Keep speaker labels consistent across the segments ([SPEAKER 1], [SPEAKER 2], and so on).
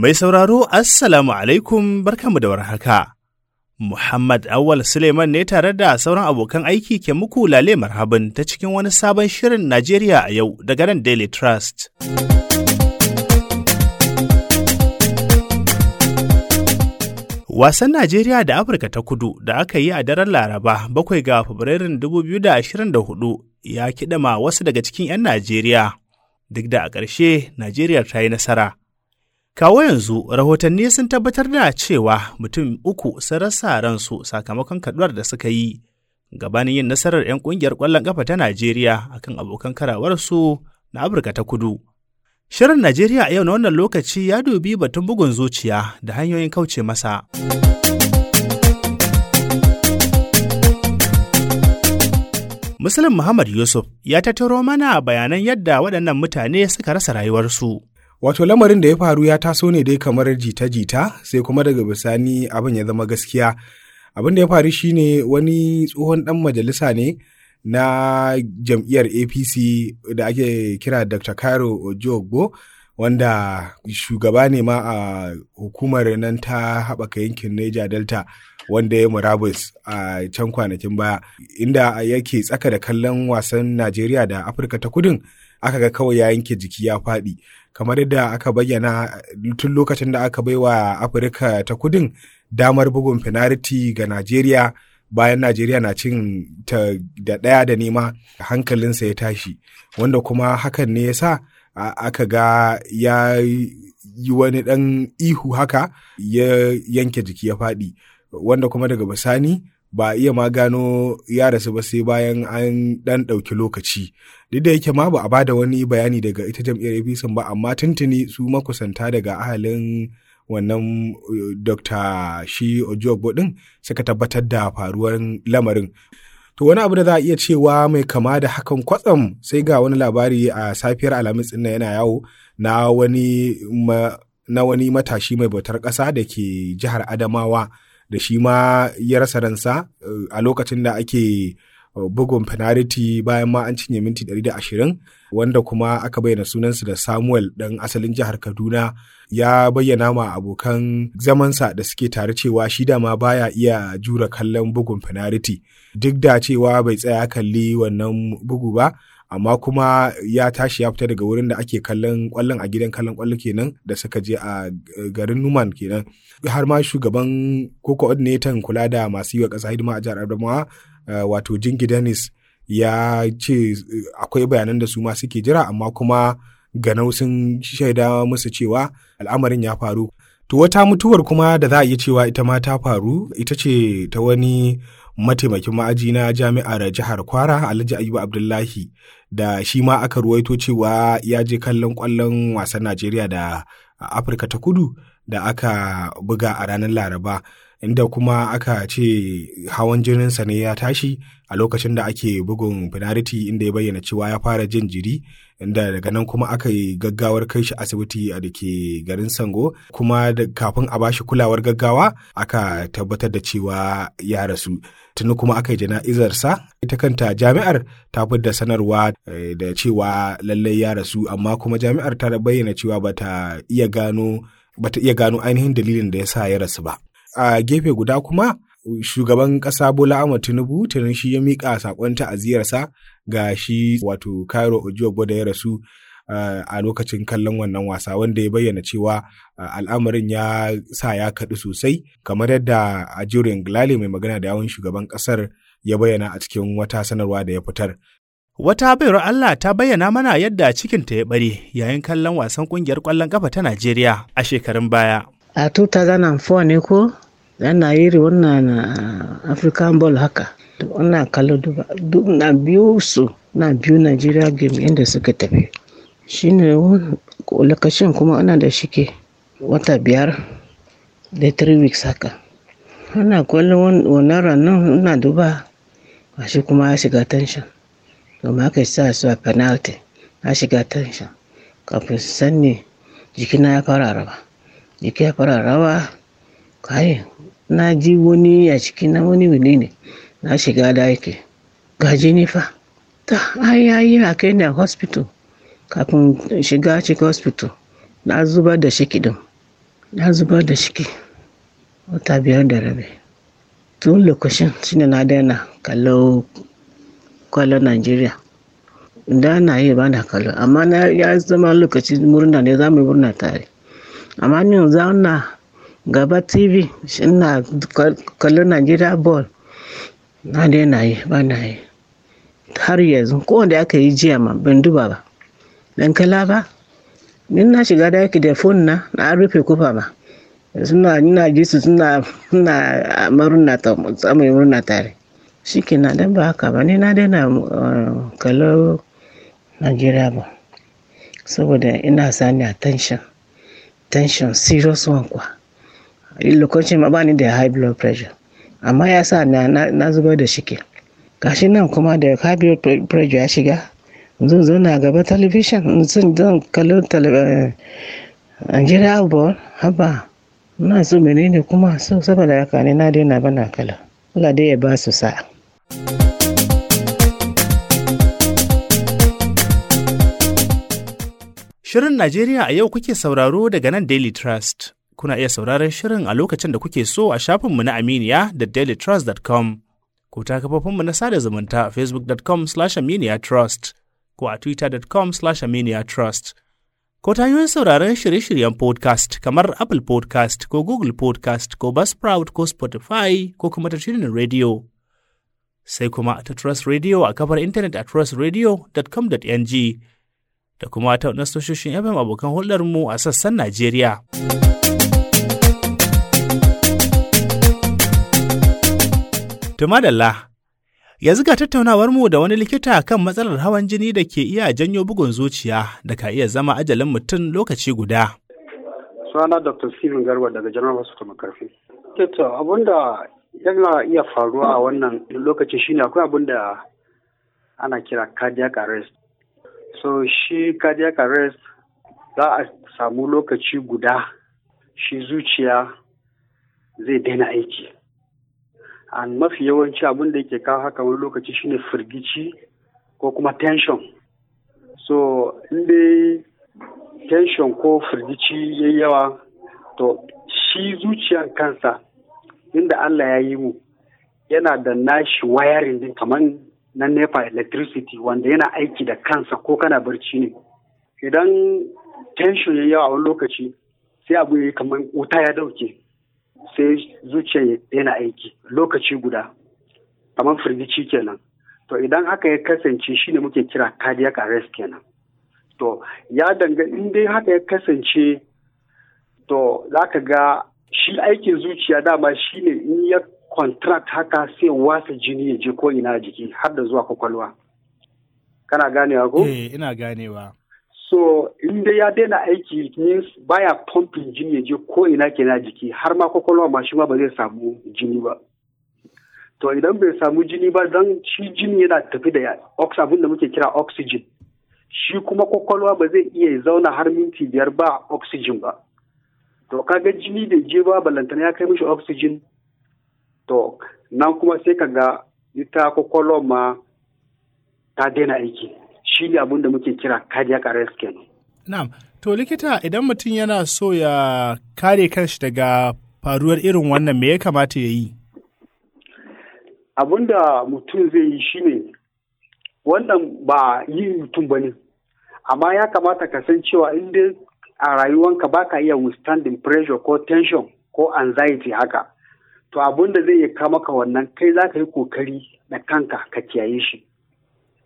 [SPEAKER 1] Mai sauraro Assalamu alaikum barkamu da warhaka. Muhammad Awal Suleiman ne tare da sauran abokan aiki ke muku lale marhabin ta cikin wani sabon shirin Najeriya a yau daga nan Daily Trust. Wasan Najeriya da Afirka ta kudu da aka yi a daren Laraba bakwai ga Fabrairun 2024 ya kiɗama wasu daga cikin 'yan Najeriya. Duk da a ƙarshe, Najeriya ta yi nasara. Kawo yanzu rahotanni sun tabbatar da cewa mutum uku sun rasa ransu sakamakon kaduwar da suka yi gabanin yin nasarar 'yan kungiyar ƙwallon ƙafa ta Najeriya a kan abokan karawarsu na Afirka ta Kudu. Shirin Najeriya a yau na wannan lokaci ya dubi batun bugun zuciya da hanyoyin kauce masa. Muslim Muhammad Yusuf
[SPEAKER 2] ya tattaro mana bayanan yadda waɗannan mutane suka rasa rayuwarsu. Wato lamarin da ya faru ya taso ne dai kamar jita-jita sai kuma daga bisani abin ya zama gaskiya. Abin da ya faru shine wani tsohon dan majalisa ne na jam'iyyar APC da ake kira Dr. Cairo Ojogbo, wanda shugaba ne ma a hukumar nan ta haɓaka yankin Niger Delta wanda ya murabus a can kwanakin baya inda yake tsaka da kallon wasan Najeriya da Afirka ta kudin. aka ga kawai ya yanke jiki ya faɗi kamar yadda aka bayyana tun lokacin da aka bai wa afirka ta kudin damar bugun finariti ga najeriya bayan najeriya na cin ta da ɗaya da nema hankalinsa ya tashi wanda kuma hakan ne ya sa aka ga ya yi wani ɗan ihu haka ya yanke jiki ya faɗi wanda kuma daga bisani ba a iya ma gano ya rasu ba sai bayan an dan ɗauki lokaci duk da yake ma ba a bada wani bayani daga ita jam'iyyar apc ba amma tuntuni su makusanta daga ahalin wannan eh, dr shi ojiogbo din suka tabbatar da faruwar lamarin To wani abu da za a iya cewa mai kama da hakan kwatsam sai ga wani labari a safiyar Alhamis ɗin yana yawo na wani na wani matashi mai bautar ƙasa da ke jihar Adamawa da shi ma ya rasa ransa eh, a lokacin da ake eh, bugun penalty bayan ma an cinye minti 120 wanda kuma aka bayyana sunansa da Samuel ɗan asalin jihar Kaduna ya bayyana ma abokan zamansa da suke tare cewa shi da ma baya iya jura kallon bugun penalty duk da cewa bai tsaya kalli wannan bugu ba amma kuma ya tashi ya fita daga wurin da ake kallon kwallon a gidan kallon kwallo kenan da suka je a eh, garin Numan kenan har ma shugaban ko coordinator kula da masu yi wa ƙasa hidima a jihar Adamawa eh, wato Jingi Dennis ya ce eh, akwai bayanan da su ma suke jira amma kuma ganau sun shaida musu cewa al'amarin ya faru to wata mutuwar kuma da za a iya cewa ita ma ta faru ita ce ta wani mataimakin ma'aji na jami'ar jihar kwara alhaji ayuba abdullahi da shi ma aka ruwaito cewa ya je kallon kwallon wasan najeriya da afirka ta kudu da aka buga a ranar laraba inda kuma aka ce hawan jininsa ne ya tashi a lokacin da ake bugun finariti inda ya bayyana cewa ya fara jin jiri inda daga nan kuma aka yi gaggawar kai shi asibiti a da garin sango kuma kafin a bashi kulawar gaggawa aka tabbatar da cewa ya rasu tuni kuma aka yi jana'izarsa ita kanta jami'ar ta da sanarwa eh, da cewa lallai ya rasu amma kuma jami'ar ta bayyana cewa bata iya gano bata iya gano ainihin dalilin da ya sa ya rasu ba a gefe guda kuma shugaban ƙasa Bola ama Tinubu tunan shi ya miƙa saƙon ta'aziyarsa ga shi wato Cairo Ojuobo da ya rasu a lokacin kallon wannan wasa wanda ya bayyana cewa al'amarin ya sa ya kaɗu sosai kamar yadda a ngilali glali mai magana da yawon shugaban ƙasar ya bayyana a cikin wata sanarwa da ya fitar Wata baiwar Allah ta bayyana mana yadda cikin ta ya bari yayin kallon wasan kungiyar ƙwallon ƙafa ta
[SPEAKER 1] Najeriya a shekarun baya.
[SPEAKER 3] A 2004 ne ko yana yiri wannan African ball haka. Wannan kallo duba na biyu su na biyu Najeriya game inda suka tafi. shine lokacin kuma ana da shike wata biyar da 3 weeks haka ana kwallon wannan ranar ina duba shi kuma ya shiga tension domin aka sa su a penalty ya shiga tension kafin su jiki jikina ya fara rawa jiki ya fara rawa kai na ji wani a na wani wani ne na shiga da yake gaji ni fa ta ayayi a kai a hospital kafin shiga cikin hospital na zubar da shiki din na zubar da shiki wata biyar da rabi tun lokacin shine na daina kallo kwallo nigeria da na yi ba na kallo amma na ya zama lokaci murna ne za mu murna tare amma ni za na gaba tv na kallo nigeria ball na daina yi ba na yi har yanzu ko wanda aka yi jiya ma ban duba ba ban kalla ba in na shiga daki da fon na na rufe kofa ba suna ina ji su suna suna murna ta tsamai murna tare na dan ba haka ba ni na daina eh, kallo nigeria ba saboda ina sani attention tension serious one kwa lokacin ma bani da high blood pressure amma ya sa na zubar da shike gashi nan kuma da high blood pressure ya shiga zan zauna gaba talabishin in zan kalli eh, a gida abuwa haba na so menene kuma so saboda haka ne na daina bana kala Allah dai ya ba su sa
[SPEAKER 1] Shirin Najeriya a yau kuke sauraro daga nan Daily Trust. Kuna iya sauraron shirin a lokacin da kuke so a shafinmu na Aminiya da dailytrust.com ko ta kafofinmu na sada zumunta facebook.com/aminiya trust. ko a twitter.com slash aminiatrust. Ko ta hanyoyin sauraron shirye-shiryen podcast kamar Apple podcast ko Google podcast ko Buzzsprout ko Spotify ko kuma ta shirin rediyo. Sai kuma ta Trust Radio a kafar intanet a trustradio.com.ng da kuma ta wadannan tashoshin FM abokan hulɗarmu a sassan Najeriya. Tumadalla. Yanzu ga mu da wani likita kan matsalar hawan jini da ke iya janyo bugun zuciya da ka iya zama ajalin mutum lokaci guda.
[SPEAKER 4] Suna Dr. Steven Garba daga General Hospital Makarfi. Tito, da yana iya faruwa a wannan lokaci shine akwai abin da ana kira cardiac arrest. So shi cardiac arrest za a samu lokaci guda shi zuciya zai daina aiki. a mafi yawanci abin da yake kawo haka wani lokaci shine firgici ko kuma tension so inda tension ko firgici ya yawa to shi zuciyar kansa inda Allah ya yi mu yana da nashi wayarin din kamar na nepa electricity wanda yana aiki da kansa ko kana barci ne idan tension ya yawa wani lokaci sai abu ya yi kamar wuta ya dauke sai zuciya yana aiki lokaci guda kamar firgici kenan to idan haka ya kasance shine muke kira cardiac arrest kenan to ya danga in dai haka ya kasance to za ka ga shi aikin zuciya dama shine in ya contract haka sai wasa jini ya je ko ina jiki har da zuwa kwakwalwa kana ganewa ko eh, ina ganewa so in dai ya daina aiki means baya pumping jini ya je ko ina kenan jiki har ma kwakwalwa ma shi ma ba zai samu jini ba to idan bai samu jini ba zan shi jini yana tafi da abin da muke kira oxygen shi kuma kwakwalwa ba zai iya zauna har minti biyar ba oxygen ba to kaga jini da je ba balantana ya kai mishi oxygen to nan kuma sai ka ga ita kwakwalwa ma ta daina aiki shi ne abin da muke kira cardiac arrest kenan.
[SPEAKER 1] Na'am, to likita idan mutum yana so ya kare kanshi daga faruwar irin wannan me ya kamata ya yi?
[SPEAKER 4] Abin da mutum zai yi shi ne wannan ba yi mutum ba ne, amma ya kamata ka san cewa in a rayuwanka ba ka iya withstanding pressure ko tension ko anxiety haka. To abin da zai iya kama ka wannan kai za ka yi kokari da kanka ka kiyaye shi.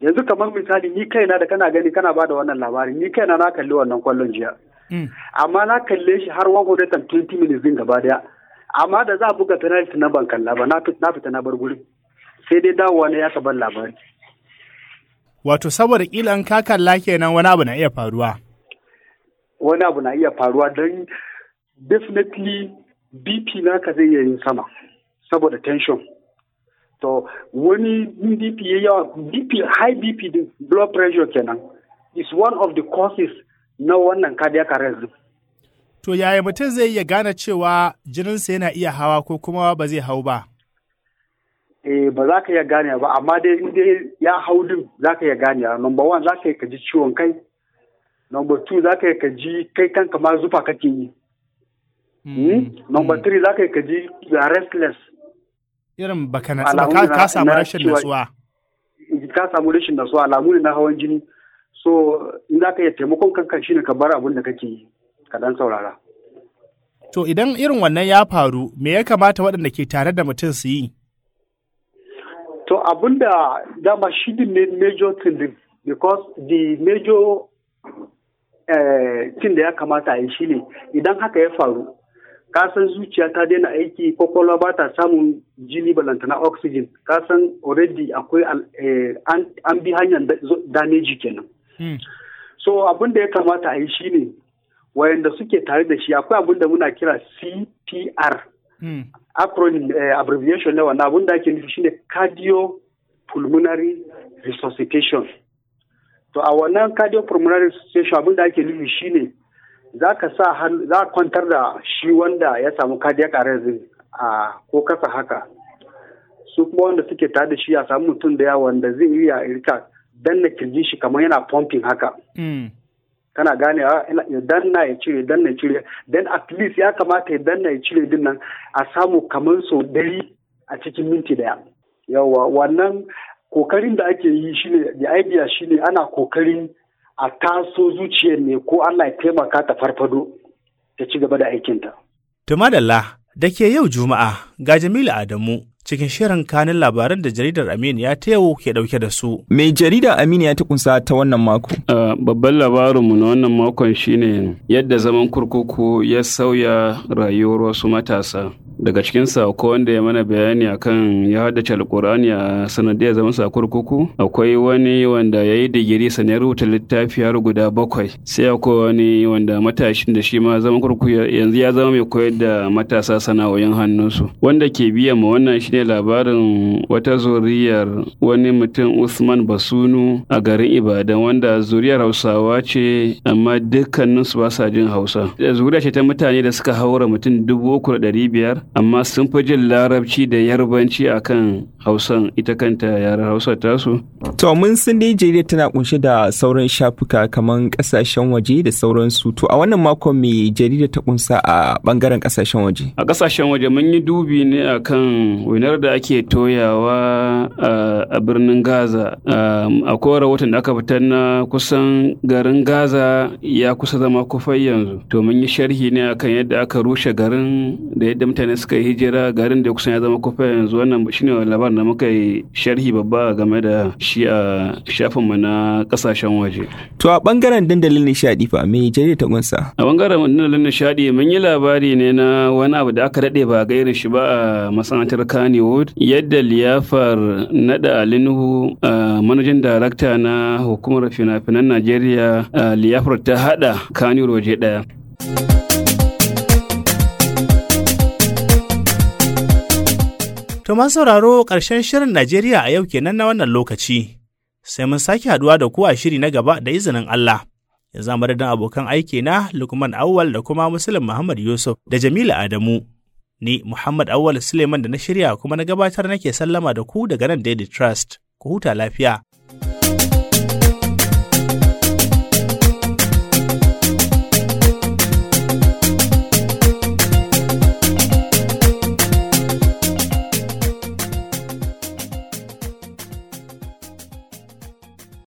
[SPEAKER 4] yanzu kamar misali ni kaina da kana gani kana bada wannan labarin ni kaina na kalli wannan kwallon jiya mm. amma na kalle shi har 120 minutes din gaba daya amma da za a buga penalty na ban kalla ba na fita na bar gurin sai dai dawowa ne ya ban labari
[SPEAKER 1] wato saboda kila an ka kalla kenan wani abu na iya faruwa
[SPEAKER 4] wani abu na iya faruwa don definitely bp naka zai yi sama saboda tension to wani bp ya yawa bp high bp din blood pressure kenan is one of the causes na wannan cardiac arrest
[SPEAKER 1] to yaya mutum zai iya gane cewa jininsa yana iya hawa ko kuma ba zai hau ba
[SPEAKER 4] eh ba za ka iya gane ba amma dai in dai ya hau din za ka iya gane number one za ka iya ji ciwon kai number two za ka iya ji kai kanka ma zufa kake yi hmm, hmm? number hmm. three za ka ji you are restless
[SPEAKER 1] irin baka na ba ka samu rashin nasuwa
[SPEAKER 4] ka samu rashin natsuwa alamu ne na hawan jini so in za ka iya taimakon kanka shine ka bar abin da kake yi ka dan saurara
[SPEAKER 1] to idan irin wannan ya faru me ya kamata waɗanda ke tare da mutum su yi
[SPEAKER 4] to abin da dama shi ne major thing din because the major eh, thing da ya kamata a yi shine idan haka ya faru ka san zuciya ta daina aiki kwakwalwa ba ta samun jini balantana oxygen san already akwai eh, an bi hanyar damage kenan hmm. so abin da ya kamata a yi shine wayanda suke tare da shi akwai abin da muna kira cpr hmm. acronym eh, abbreviation na wannan abin da ake nufi shine cardio pulmonary resuscitation to a wannan cardio pulmonary resuscitation abin da ake nufi shine za ka sa hannu za kwantar da shi wanda ya samu cardiac arrest a ko kasa haka su kuma wanda suke tare da shi ya samu mutum da yawa wanda zai iya rika danna kirji shi kamar yana pumping haka hmm. kana gane ya danna ya cire danna ya cire dan at least ya kamata ya danna ya cire din nan a samu kamar sau dari a cikin minti daya yawa wannan kokarin da ake yi shine the idea shine ana kokarin a taso zuciyar ne ko Allah ya taimaka ta farfado ta ci gaba da aikinta.
[SPEAKER 1] madalla da ke yau Juma'a ga Jamilu Adamu cikin shirin kanin labaran da jaridar Aminiya ta yau ke dauke da su.
[SPEAKER 5] Mai jarida Aminiya ta kunsa ta wannan mako. Babban labarinmu na wannan makon shine yadda zaman kurkuku ya sauya rayuwar wasu matasa. daga cikin sako wanda ya mana bayani akan ya haddace alkur'ani a sanadiyar zaman sa kurkuku akwai wani wanda ya yi digiri sane rubuta littafi har guda bakwai sai akwai wani wanda matashin da shi ma zaman kurkuku yanzu ya zama mai koyar da matasa sana'o'in hannunsu wanda ke biya ma wannan shine labarin wata zuriyar wani mutum usman basunu a garin ibadan wanda zuriyar hausawa ce amma dukkaninsu ba sa jin hausa zuriya ce ta mutane da suka haura mutum dubu uku da ɗari biyar amma sun fi jin larabci da yarbanci kan hausan ita kanta yaran hausa tasu. to mun sun Nijeriya tana kunshe da sauran shafuka kamar kasashen waje da sauran to a wannan makon mai jarida ta kunsa a bangaren kasashen waje a kasashen waje mun yi dubi ne akan winar da ake toyawa a birnin gaza A kowar rahoton da aka fitar na kusan garin gaza ya kusa zama kufai yanzu to mun yi sharhi ne akan yadda aka rushe garin da yadda mutane suka yi hijira garin da kusan ya zama kufa yanzu wannan shine labarin da muka yi sharhi babba game da shi a shafinmu na kasashen waje. To a bangaren dandalin nishadi fa me jarida ta kunsa? A bangaren dandalin nishadi mun yi labari ne na wani abu da aka daɗe ba ga irin shi ba a masana'antar Kannywood yadda liyafar naɗa Alinuhu manajan darakta na hukumar fina-finan Najeriya liyafar ta haɗa Kannywood waje ɗaya
[SPEAKER 1] To masu sauraro ƙarshen shirin Najeriya a yau kenan na wannan lokaci. Sai mun sake haduwa da ku a shiri na gaba da izinin Allah. Ya Yanzu madadin abokan aiki na Lukman Awwal da kuma Musulun Muhammad Yusuf da Jamilu Adamu. Ni Muhammad Awwal Suleiman da na shirya kuma na gabatar nake sallama da ku daga nan Daily Trust. Ku huta lafiya.